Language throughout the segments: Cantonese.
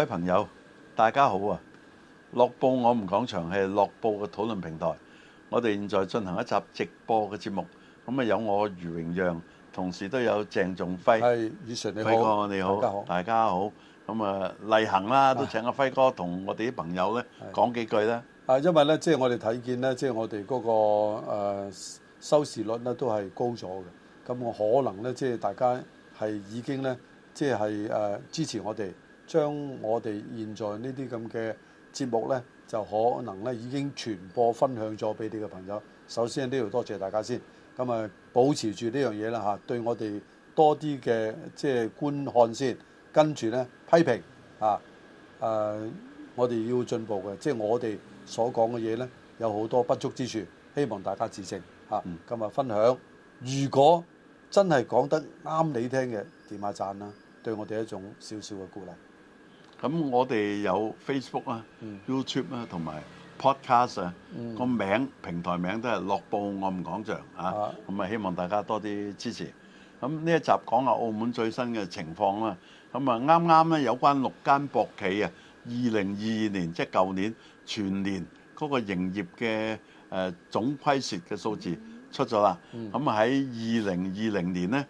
各位朋友，大家好啊！樂報我哋講場，係樂報嘅討論平台。我哋現在進行一集直播嘅節目，咁啊有我余榮讓，同時都有鄭仲輝，輝哥你好，你好，大家好。咁啊，例行啦，都請阿、啊、輝哥同我哋啲朋友咧講是幾句啦。啊，因為咧，即、就、係、是、我哋睇見咧，即、就、係、是、我哋嗰、那個誒、呃、收視率咧都係高咗嘅。咁我可能咧，即、就、係、是、大家係已經咧，即係誒支持我哋。將我哋現在呢啲咁嘅節目呢，就可能呢已經全部分享咗俾你嘅朋友。首先呢度多謝大家先。咁啊，保持住呢樣嘢啦吓，對我哋多啲嘅即係觀看先，跟住呢批評啊，啊我哋要進步嘅，即係我哋所講嘅嘢呢，有好多不足之處，希望大家指正嚇。咁啊，分享，如果真係講得啱你聽嘅，點下讚啦，對我哋一種少少嘅鼓勵。咁我哋有 Facebook 啊、嗯、YouTube 啊，同埋 Podcast 啊，個、嗯、名平台名都係《樂報我們講場》啊，咁啊希望大家多啲支持。咁呢一集講下澳門最新嘅情況啦、啊。咁啊啱啱咧有關六間博企啊，二零二二年即係舊年全年嗰個營業嘅誒、呃、總虧蝕嘅數字出咗啦。咁喺二零二零年咧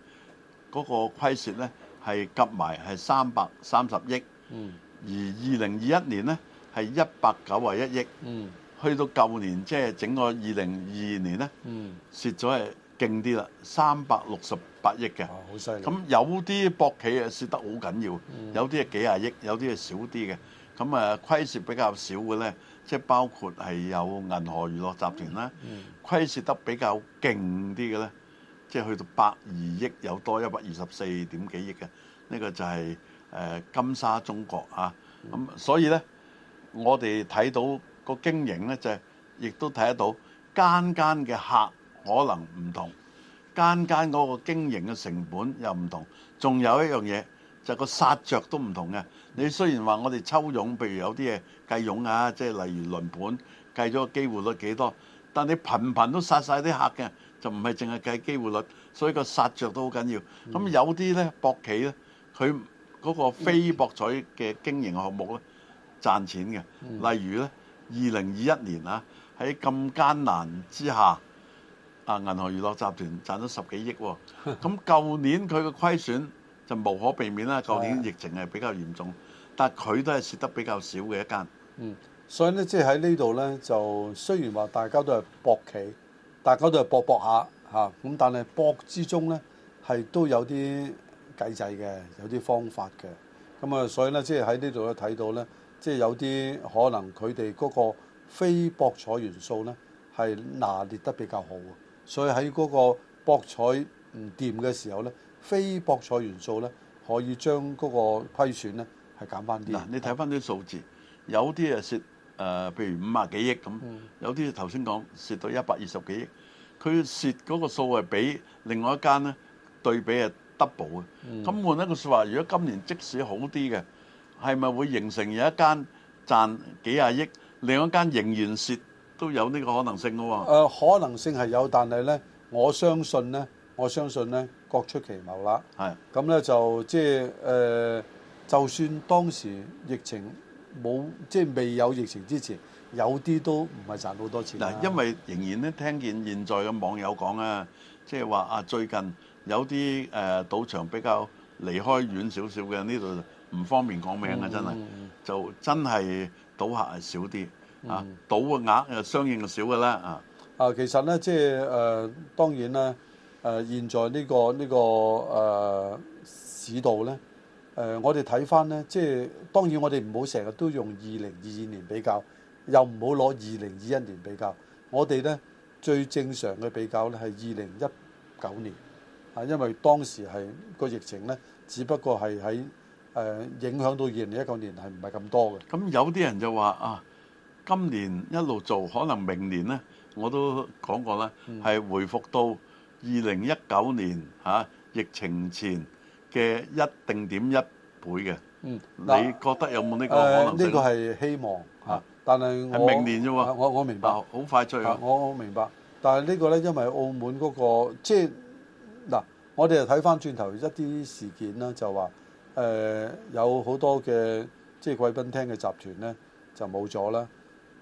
嗰、嗰個虧蝕咧係夾埋係三百三十億。嗯，而二零二一年呢，係一百九啊一億，嗯，去到舊年即係、就是、整個二零二二年呢，嗯，蝕咗係勁啲啦，三百六十八億嘅，好犀利。咁有啲博企啊蝕得好緊要，有啲係幾廿億，有啲係少啲嘅，咁啊虧蝕比較少嘅呢，即係包括係有銀河娛樂集團啦，嗯，虧蝕得比較勁啲嘅呢，即、就、係、是、去到百二億有多一百二十四點幾億嘅，呢、這個就係、是。呃、金沙中國啊，咁、啊、所以呢，我哋睇到個經營呢，就係、係、亦都睇得到間間嘅客可能唔同，間間嗰個經營嘅成本又唔同，仲有一樣嘢就係、個殺著都唔同嘅。你雖然話我哋抽傭，譬如有啲嘢計傭啊，即、就、係、係、例如輪盤計咗個機會率幾多，但你頻頻都殺晒啲客嘅，就唔係淨係計機會率，所以個殺著都好緊要。咁、嗯啊、有啲呢，博企呢，佢。嗰個非博彩嘅經營項目咧賺錢嘅，例如咧二零二一年啊，喺咁艱難之下，啊銀河娛樂集團賺咗十幾億喎。咁舊年佢嘅虧損就無可避免啦。舊年疫情係比較嚴重，但係佢都係蝕得比較少嘅一間。嗯，所以咧即係喺呢度咧，就雖然話大家都係博企，大家都係博博下嚇，咁但係博之中咧係都有啲。計制嘅有啲方法嘅咁啊，所以咧即係喺呢度咧睇到咧，即係有啲可能佢哋嗰個非博彩元素咧係拿捏得比較好啊。所以喺嗰個博彩唔掂嘅時候咧，非博彩元素咧可以將嗰個虧損咧係減翻啲嗱。你睇翻啲數字，有啲啊蝕誒，呃、譬如五啊幾億咁，有啲頭先講蝕到一百二十幾億，佢蝕嗰個數係比另外一間咧對比啊。double 嘅，咁換一個説話，如果今年即使好啲嘅，係咪會形成有一間賺幾廿億，另一間仍然蝕都有呢個可能性咯喎？誒，可能性係有，但係咧，我相信咧，我相信咧，各出奇謀啦。係，咁咧就即係誒，就算當時疫情冇，即係未有疫情之前，有啲都唔係賺好多錢。嗱，因為仍然咧，聽見現在嘅網友講啊，即係話啊，最近。有啲誒、呃、賭場比較離開遠少少嘅呢度唔方便講名啊，真係、嗯嗯嗯嗯、就真係賭客係少啲，嗯嗯嗯嗯、啊，賭嘅額又相應就少嘅啦啊啊，其實咧即係誒當然啦，誒、呃、現在呢、呢個呢、呢個誒、呃、市道咧誒、呃、我哋睇翻咧即係當然我哋唔好成日都用二零二二年比較，又唔好攞二零二一年比較，我哋咧最正常嘅比較咧係二零一九年。啊，因為當時係個疫情咧，只不過係喺誒影響到二零一九年係唔係咁多嘅。咁有啲人就話啊，今年一路做，可能明年咧，我都講過啦，係回復到二零一九年吓疫情前嘅一定點一倍嘅。嗯，你覺得有冇呢個可能？誒，呢個係希望吓，但係我係明年啫喎。我我明白，好快脆啊！我我明白，但係呢個咧，因為澳門嗰個即係。嗱，我哋又睇翻轉頭一啲事件啦，就話誒、呃、有好多嘅即係貴賓廳嘅集團呢，就冇咗啦。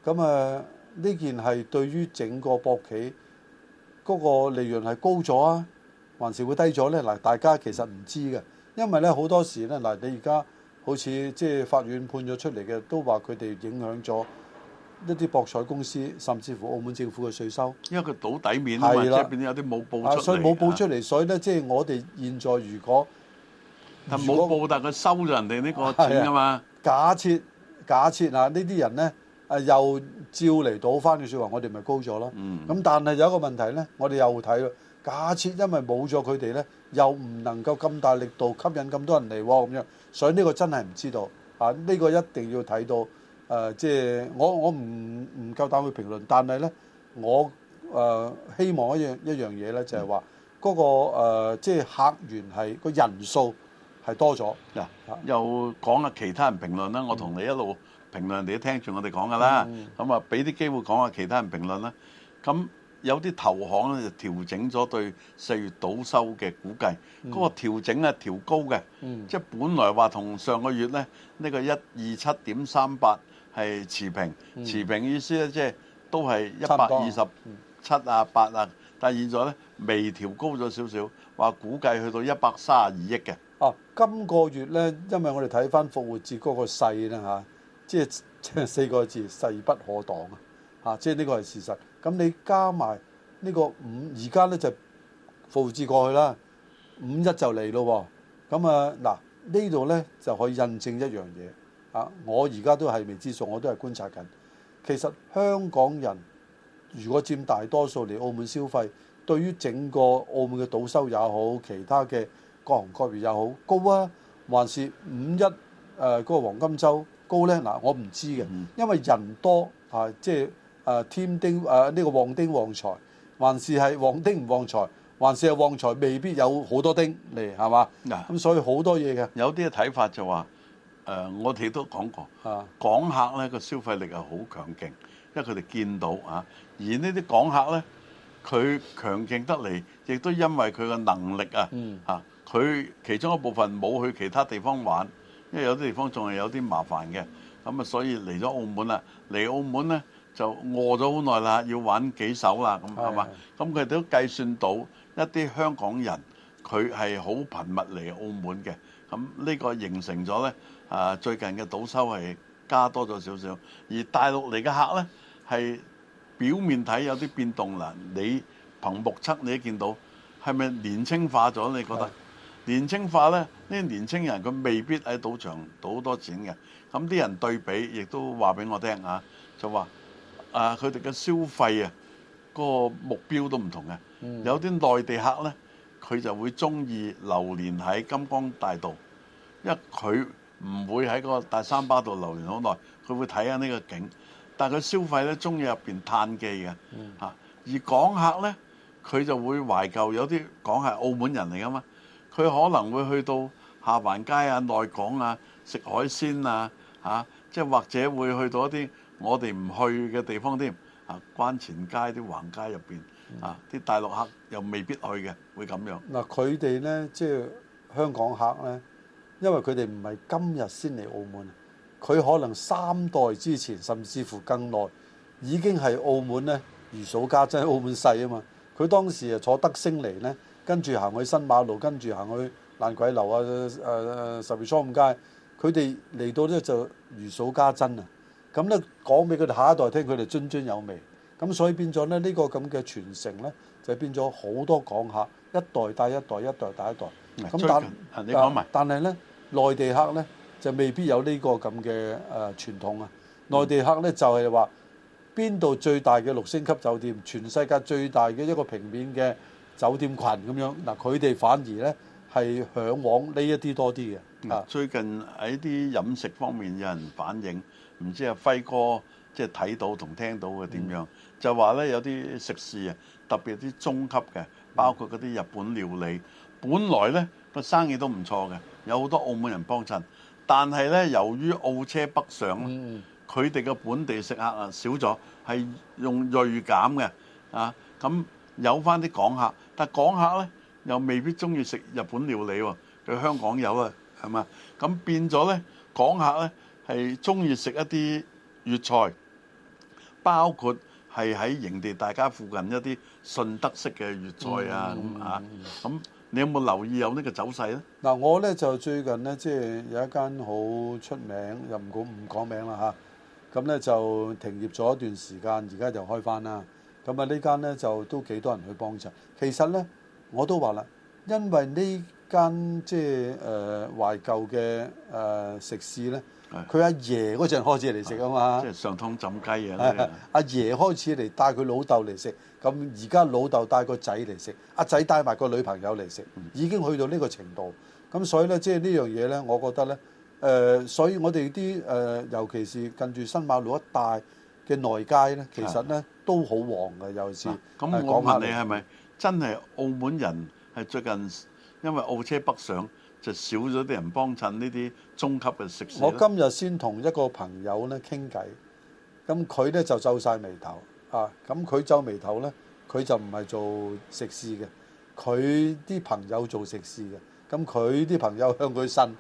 咁誒呢件係對於整個博企嗰、那個利潤係高咗啊，還是會低咗呢？嗱，大家其實唔知嘅，因為呢好多時呢，嗱、呃，你而家好似即係法院判咗出嚟嘅，都話佢哋影響咗。一啲博彩公司，甚至乎澳門政府嘅稅收，因為佢賭底面啊嘛，即係變咗有啲冇報出嚟，所以冇報出嚟，所以咧，即係我哋現在如果冇報達，佢收咗人哋呢個錢啊嘛。假設假設啊，呢啲人咧啊又照嚟賭翻嘅說話，我哋咪高咗咯。咁但係有一個問題咧，我哋又睇咯。假設因為冇咗佢哋咧，又唔能夠咁大力度吸引咁多人嚟喎，咁樣，所以呢個真係唔知道啊！呢個一定要睇到。誒、呃，即係我我唔唔夠膽去評論，但係呢，我誒、呃、希望一樣一樣嘢呢，就係話嗰個、呃、即係客源係個人數係多咗。嗱、嗯，係又講下其他人評論啦。嗯、我同你一路評論，你都聽住我哋講㗎啦。咁啊、嗯，俾啲機會講下其他人評論啦。咁有啲投行呢，就調整咗對四月倒收嘅估計，嗰、嗯、個調整啊，調高嘅。嗯，即係本來話同上個月呢，呢、呢個一二七點三八。係持平，持平意思咧，即係都係一百二十七啊八啊，但係現在咧微調高咗少少，話估計去到一百三十二億嘅。哦，今個月咧，因為我哋睇翻復活節嗰個勢咧嚇、啊，即係四個字勢不可擋啊！嚇，即係呢個係事實。咁你加埋呢個五，而家咧就是、復活節過去啦，五一就嚟咯、哦。咁啊，嗱、啊啊、呢度咧就可以印證一樣嘢。我而家都係未知數，我都係觀察緊。其實香港人如果佔大多數嚟澳門消費，對於整個澳門嘅賭收也好，其他嘅各行各業也好，高啊，還是五一誒嗰、呃那個黃金周高呢？嗱、呃，我唔知嘅，因為人多啊，即係誒添丁誒呢、呃這個旺丁旺財，還是係旺丁唔旺財，還是係旺財未必有好多丁嚟，係嘛？嗱、啊，咁、嗯、所以好多嘢嘅，有啲嘅睇法就話、是。誒，我哋都講過，港客呢個消費力係好強勁，因為佢哋見到啊。而呢啲港客呢，佢強勁得嚟，亦都因為佢嘅能力啊嚇。佢其中一部分冇去其他地方玩，因為有啲地方仲係有啲麻煩嘅。咁啊，所以嚟咗澳門啦，嚟澳門呢，就餓咗好耐啦，要玩幾手啦咁係嘛？咁佢哋都計算到一啲香港人佢係好頻密嚟澳門嘅，咁、這、呢個形成咗呢。啊！最近嘅賭收係加多咗少少，而大陸嚟嘅客呢係表面睇有啲變動啦。你憑目測，你都見到係咪年青化咗？你覺得是的 年青化呢？呢啲年青人佢未必喺賭場賭多錢嘅。咁啲人對比亦都話俾我聽啊，就話啊，佢哋嘅消費啊，嗰個目標都唔同嘅。嗯、有啲內地客呢，佢就會中意流連喺金光大道，因為佢。唔會喺個大三巴度流連好耐，佢會睇下呢個景。但係佢消費咧，中意入面嘆記嘅嚇。而港客咧，佢就會懷舊。有啲港客係澳門人嚟噶嘛，佢可能會去到下環街啊、內港啊食海鮮啊嚇，即係或者會去到一啲我哋唔去嘅地方添。啊，關前街啲橫街入面，啊，啲大陸客又未必去嘅，會咁樣。嗱，佢哋咧，即係香港客咧。因為佢哋唔係今日先嚟澳門，佢可能三代之前，甚至乎更耐，已經係澳門呢如數家珍。澳門細啊嘛，佢當時啊坐德星嚟呢，跟住行去新馬路，跟住行去爛鬼樓啊誒十月初五街，佢哋嚟到呢就如數家珍啊！咁呢講俾佢哋下一代聽，佢哋津津有味。咁所以變咗呢，呢、呢個咁嘅傳承呢，就變咗好多港客一代帶一代，一代帶一代。咁但係呢。內地客呢，就未必有呢個咁嘅誒傳統啊！內地客呢，就係話邊度最大嘅六星級酒店，全世界最大嘅一個平面嘅酒店群。咁樣嗱，佢哋反而呢係向往呢一啲多啲嘅啊！最近喺啲飲食方面有人反映，唔知阿輝哥即係睇到同聽到嘅點樣，就話呢有啲食肆啊，特別啲中級嘅，包括嗰啲日本料理，本來呢個生意都唔錯嘅。有好多澳門人幫襯，但係咧由於澳車北上，佢哋嘅本地食客啊少咗，係用鋭減嘅啊，咁有翻啲港客，但港客咧又未必中意食日本料理喎，佢香港有啊，係嘛？咁變咗咧，港客咧係中意食一啲粵菜，包括。係喺營地大家附近一啲順德式嘅粵菜啊咁啊，咁你有冇留意有呢個走勢咧？嗱，我咧就最近咧即係有一間好出名又唔講唔講名啦嚇，咁咧就停業咗一段時間，而家就開翻啦。咁啊呢間咧就都幾多人去幫襯。其實咧我都話啦，因為呢間即係誒懷舊嘅誒食肆咧。佢阿爺嗰陣開始嚟食啊嘛，即係、就是、上湯浸雞啊啲。阿爺開始嚟帶佢老豆嚟食，咁而家老豆帶個仔嚟食，阿仔帶埋個女朋友嚟食，已經去到呢個程度。咁所以呢，即係呢樣嘢呢，我覺得呢。誒，所以我哋啲誒，尤其是近住新馬路一帶嘅內街呢，其實呢都好旺嘅，尤其是咁。咁我問下你係咪真係澳門人係最近因為澳車北上？就少咗啲人幫襯呢啲中級嘅食肆。我今日先同一個朋友咧傾偈，咁佢咧就皺晒眉頭，啊，咁佢皺眉頭咧，佢就唔係做食肆嘅，佢啲朋友做食肆嘅，咁佢啲朋友向佢呻，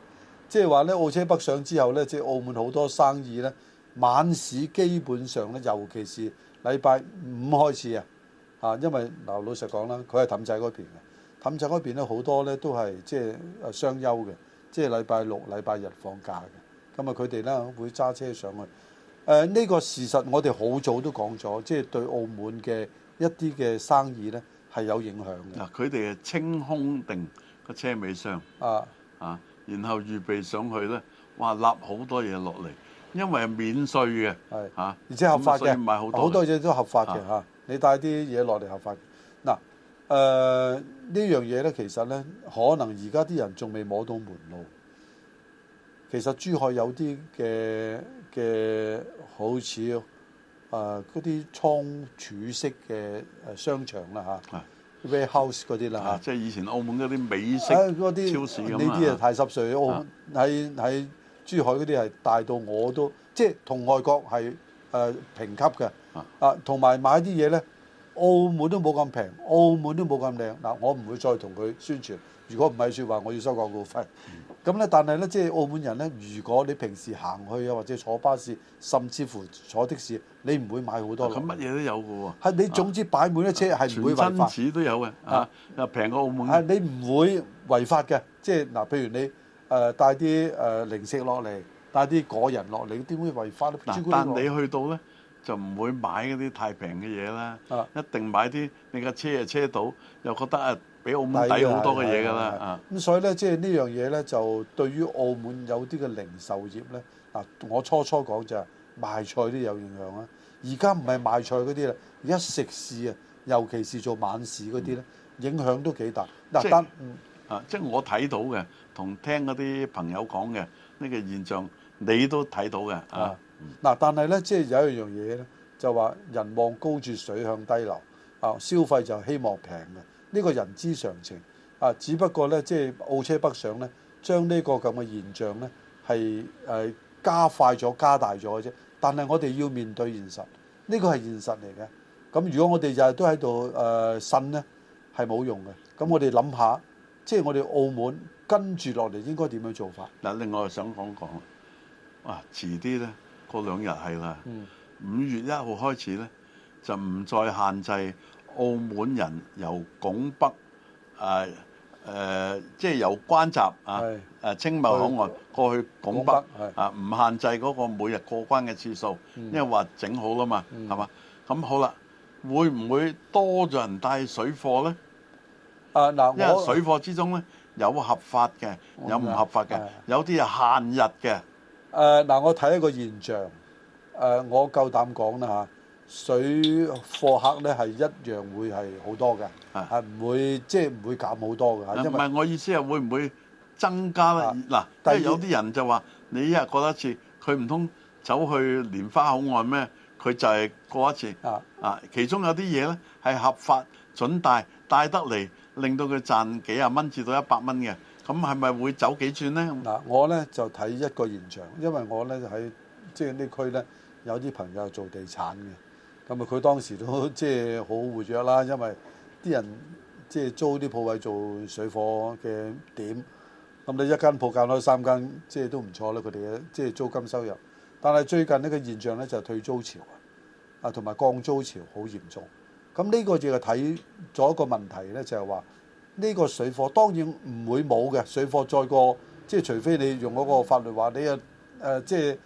即係話咧澳車北上之後咧，即係澳門好多生意咧晚市基本上咧，尤其是禮拜五開始啊，啊，因為嗱老實講啦，佢係氹仔嗰邊嘅。咁就嗰邊咧好多咧都係即係雙休嘅，即係禮拜六、禮拜日放假嘅。咁啊，佢哋咧會揸車上去。誒、呃、呢、呢個事實，我哋好早都講咗，即係對澳門嘅一啲嘅生意咧係有影響嘅。嗱，佢哋係清空定個車尾箱啊啊，然後預備上去咧，哇，立好多嘢落嚟，因為係免稅嘅嚇，而且合法嘅，好、啊、多嘢、啊、都合法嘅嚇、啊啊。你帶啲嘢落嚟合法。誒、呃、呢樣嘢咧，其實咧，可能而家啲人仲未摸到門路。其實珠海有啲嘅嘅，好似啊嗰啲倉儲式嘅誒商場啦，嚇，warehouse 嗰啲啦，即係以前澳門嗰啲美式超市呢啲啊，那些那些，太濕碎。啊啊、澳門喺喺珠海嗰啲係大到我都，即係同外國係誒評級嘅啊，同埋、啊、買啲嘢咧。澳門都冇咁平，澳門都冇咁靚嗱，我唔會再同佢宣傳。如果唔係説話，我要收廣告費。咁咧、嗯，但係咧，即係澳門人咧，如果你平時行去啊，或者坐巴士，甚至乎坐的士，你唔會買好多。咁乜嘢都有嘅喎、啊。係你總之擺滿一車係唔會違法。啊、全真都有嘅啊，平過澳門。啊，你唔會違法嘅，即係嗱，譬如你誒帶啲誒零食落嚟，帶啲果仁落嚟，點會違法咧？嗱、啊，但你去到咧？就唔會買嗰啲太平嘅嘢啦，啊、一定買啲你架車又車到，又覺得啊比澳門抵好多嘅嘢㗎啦啊！咁的所以咧，即、就、係、是、呢樣嘢咧，就對於澳門有啲嘅零售業咧，嗱、啊、我初初講就係、是、賣菜都有影響啦。而家唔係賣菜嗰啲啦，而家食肆啊，尤其是做晚市嗰啲咧，嗯、影響都幾大。嗱，單啊，即係我睇到嘅，同聽嗰啲朋友講嘅呢個現象，你都睇到嘅啊。嗱，嗯，但係咧，即係有一樣嘢咧，就話人望高住，水向低流，啊，消費就希望平嘅，呢個人之常情，啊，只不過咧，即係澳車北上咧，將呢個咁嘅現象咧，係誒加快咗、加大咗嘅啫。但係我哋要面對現實，呢個係現實嚟嘅。咁如果我哋日日都喺度誒呻咧，係冇用嘅。咁我哋諗下，即係我哋澳門跟住落嚟應該點樣做法？嗱，另外我想講講啊，遲啲咧。嗰兩日係啦，五月一號開始咧，就唔再限制澳門人由拱北啊、誒，即係由關閘啊、誒青茂口岸過去拱北啊，唔限制嗰個每日過關嘅次數，因為話整好啦嘛，係嘛？咁好啦，會唔會多咗人帶水貨咧？啊嗱，因為水貨之中咧有合法嘅，有唔合法嘅，有啲係限日嘅。誒嗱、呃，我睇一個現象，呃、我夠膽講啦嚇，水貨客咧係一樣會係好多嘅，係唔、啊啊、會即係唔會減好多嘅。唔係我意思係會唔會增加咧？嗱、啊，有啲人就話、啊、你一日過一次，佢唔通走去蓮花口岸咩？佢就係過一次啊啊！其中有啲嘢咧係合法準帶帶得嚟，令到佢賺幾十蚊至到一百蚊嘅。咁係咪會走幾轉呢？嗱，我呢就睇一個現象，因為我呢喺即係呢區呢，有啲朋友做地產嘅，咁啊佢當時都即係好活躍啦，因為啲人即係租啲鋪位做水貨嘅點，咁你一間鋪交多三間，即係都唔錯啦，佢哋嘅即係租金收入。但係最近呢個現象呢，就係退租潮啊，同埋降租潮好嚴重。咁呢個就睇咗一個問題呢就係話。呢個水貨當然唔會冇嘅，水貨再過，即係除非你用嗰個法律話，你啊誒即係誒、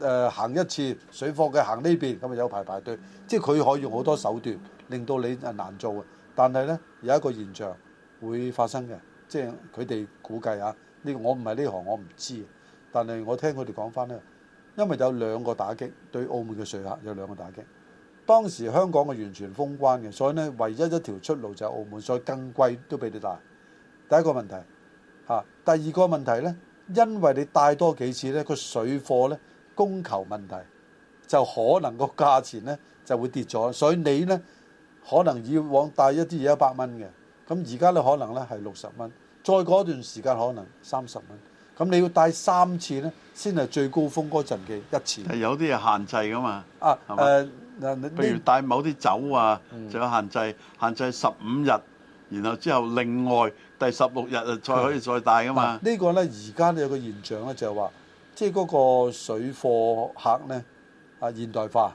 呃、行一次水貨嘅行呢邊，咁啊有排排隊。即係佢可以用好多手段令到你啊難做嘅，但係呢，有一個現象會發生嘅，即係佢哋估計啊，呢個我唔係呢行，我唔知，但係我聽佢哋講翻呢，因為有兩個打擊對澳門嘅水客有兩個打擊。當時香港嘅完全封關嘅，所以呢，唯一一條出路就係澳門，所以更貴都俾你帶。第一個問題嚇、啊，第二個問題呢，因為你帶多幾次呢、個水貨呢，供求問題就可能個價錢呢就會跌咗，所以你呢，可能以往帶一啲嘢一百蚊嘅，咁而家呢可能呢係六十蚊，再過一段時間可能三十蚊，咁你要帶三次呢，先係最高峰嗰陣嘅一次。係有啲嘢限制噶嘛？啊誒。吧譬如帶某啲酒啊，就有限制，嗯、限制十五日，然後之後另外第十六日啊，再可以再帶噶嘛。嗯這個、呢個咧而家咧有個現象咧，就係話，即係嗰個水貨客咧啊現代化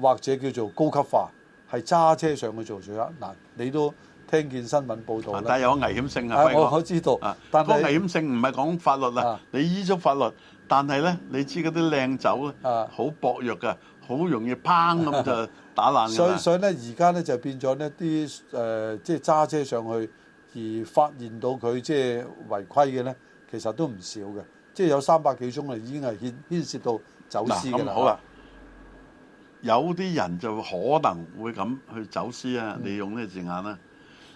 或者叫做高級化，係揸車上去做水客。嗱、啊，你都聽見新聞報道、啊、但係有個危險性啊，啊我可知道。啊、但是個危險性唔係講法律啊，啊你依足法律，但係咧你知嗰啲靚酒咧，好薄弱㗎。啊啊好容易砰咁就打爛嘅啦。 所以所以咧，而家咧就變咗咧啲誒，即係揸車上去而發現到佢即係違規嘅咧，其實都唔少嘅。即係有三百幾宗啊，已經係牽牽涉到走私嘅啦。咁好啊！有啲人就可能會咁去走私啊，利用呢個字眼啦。嗯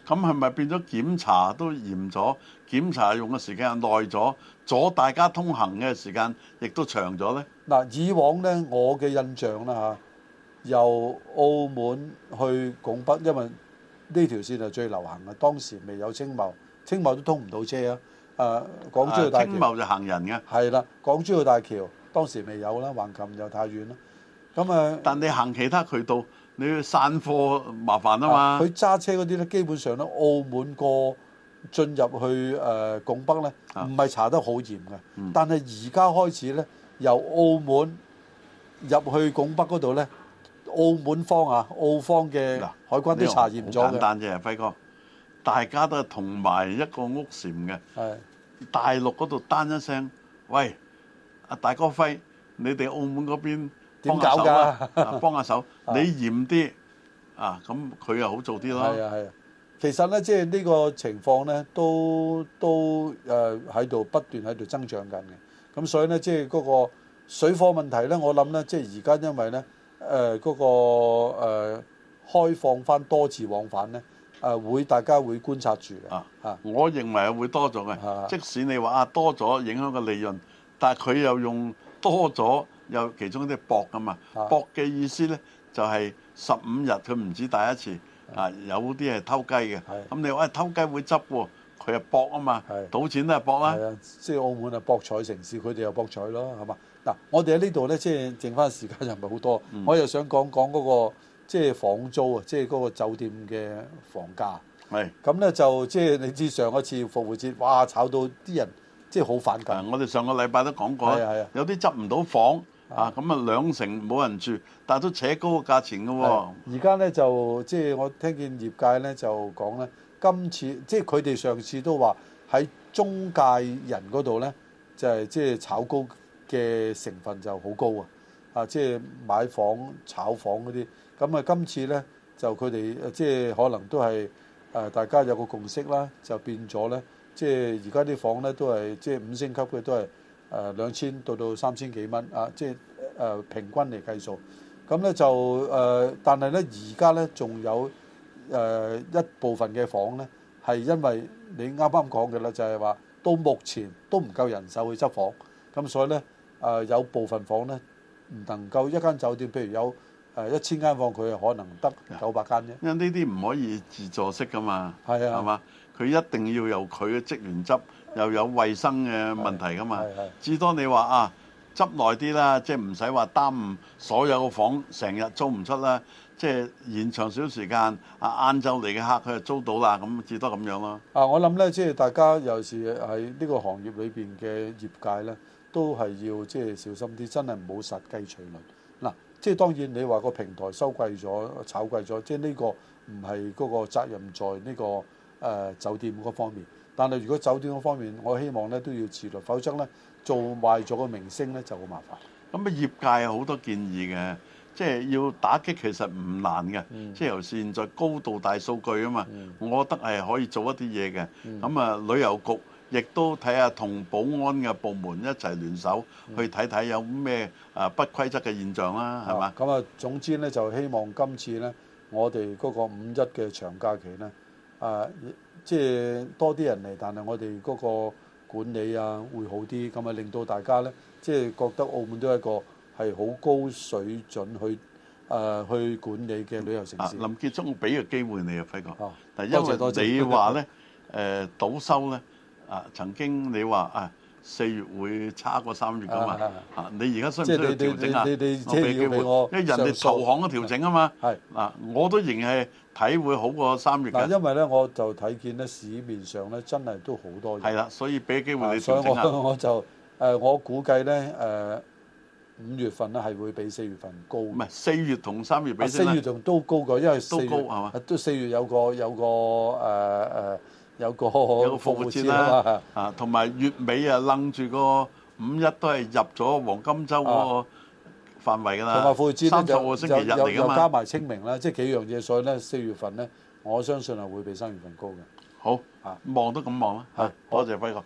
咁係咪變咗檢查都嚴咗，檢查用嘅時間又耐咗，阻大家通行嘅時間亦都長咗呢？嗱，以往呢我嘅印象啦吓，由澳門去拱北，因為呢條線係最流行嘅，當時未有青茂，青茂都通唔到車啊！誒，港珠澳大橋。青茂就行人嘅。係啦，港珠澳大橋當時未有啦，橫琴又太遠啦。咁啊。但你行其他渠道？你要散貨麻煩啊嘛！佢揸、啊、車嗰啲咧，基本上咧澳門過進入去誒、呃、拱北咧，唔係查得好嚴嘅。啊嗯、但係而家開始咧，由澳門入去拱北嗰度咧，澳門方啊澳方嘅海軍海關都查驗咗嘅。好、啊、簡單啫，輝哥，大家都係同埋一個屋檐嘅。係的大陸嗰度單一聲，喂，阿大哥輝，你哋澳門嗰邊？點搞噶？幫下手，你嚴啲啊，咁佢又好做啲咯。係啊係啊，其實咧，即係呢個情況咧，都都誒喺度不斷喺度增長緊嘅。咁所以咧，即係嗰個水貨問題咧，我諗咧，即係而家因為咧誒嗰個誒、呃、開放翻多次往返咧，誒、呃、會大家會觀察住啊。吓的，的我認為係會多咗嘅。是的 即使你話啊多咗影響個利潤，但係佢又用多咗。有其中一啲博噶嘛？博嘅意思咧就係十五日佢唔止第一次，啊有啲係偷雞嘅，咁的你話、哎、偷雞會執喎，佢啊博啊嘛，的賭錢都係博啦，即係、就是、澳門啊博彩城市，佢哋又博彩咯，係嘛？嗱、啊，我哋喺呢度咧，即、就、係、是、剩翻時間又唔係好多，嗯、我又想講講嗰、那個即係、就是、房租啊，即係嗰個酒店嘅房價。係咁咧，就即係你知上一次復活節，哇，炒到啲人即係好反感。我哋上個禮拜都講過，的有啲執唔到房。啊，咁啊兩成冇人住，但都扯高個價錢㗎喎、哦。而家咧就即係我聽見業界咧就講咧，今次即係佢哋上次都話喺中介人嗰度咧，就係、是、即係炒高嘅成分就好高啊！啊，即係買房炒房嗰啲，咁啊今次咧就佢哋即係可能都係誒大家有個共識啦，就變咗咧，即係而家啲房咧都係即係五星級嘅都係。誒兩千到到三千幾蚊啊，即係誒平均嚟計數。咁咧就誒，但係咧而家咧仲有誒一部分嘅房咧，係因為你啱啱講嘅啦，就係話到目前都唔夠人手去執房，咁所以咧誒有部分房咧唔能夠一間酒店，譬如有誒一千間房，佢啊可能得九百間啫。因為呢啲唔可以自助式噶嘛，係啊，係嘛，佢一定要由佢嘅職員執。又有衞生嘅問題㗎嘛？至多你話啊，執耐啲啦，即係唔使話耽誤所有房成日租唔出啦，即係延長少少時間。啊，晏晝嚟嘅客佢就租到啦，咁至多咁樣咯。啊，我諗呢，即係大家尤其是喺呢個行業裏邊嘅業界呢，都係要即係小心啲，真係唔好殺雞取卵。嗱，即係當然你話個平台收貴咗、炒貴咗，即係呢個唔係嗰個責任在呢個誒酒店嗰方面。但係如果酒店嗰方面，我希望咧都要自律，否則咧做壞咗個明星咧就好麻煩。咁啊，業界有好多建議嘅，即係要打擊其實唔難嘅，即係由現在高度大數據啊嘛，我覺得係可以做一啲嘢嘅。咁啊，旅遊局亦都睇下同保安嘅部門一齊聯手去睇睇有咩啊不規則嘅現象啦、啊，係嘛？咁啊，總之咧就希望今次咧，我哋嗰個五一嘅長假期咧啊。即係多啲人嚟，但係我哋嗰個管理啊會好啲，咁啊令到大家咧，即係覺得澳門都係一個係好高水準去誒去管理嘅旅遊城市。林建忠俾個機會你啊，輝哥。但係，因為你話咧誒倒收咧啊，曾經你話啊四月會差過三月噶嘛啊，你而家需唔需要調整啊？你你俾機會我，因為人哋投行嘅調整啊嘛。係嗱，我都仍係。睇會好過三月，但因為咧，我就睇見咧，市面上咧真係都好多。係啦，所以俾機會你，所以我就我估計咧五月份咧係會比四月份高。唔係四月同三月比四月仲都高過，因為都高係嘛？都四月有個有個有個、呃、有個服務個復活節啦。啊，同埋月尾啊，擸住個五一都係入咗黃金周喎。範圍㗎啦，還有富三十個星期日嚟㗎嘛，又加埋清明啦，嗯、即係幾樣嘢，所以咧四月份咧，我相信係會比三月份高嘅。好啊，望都咁望啦，係，多謝輝哥。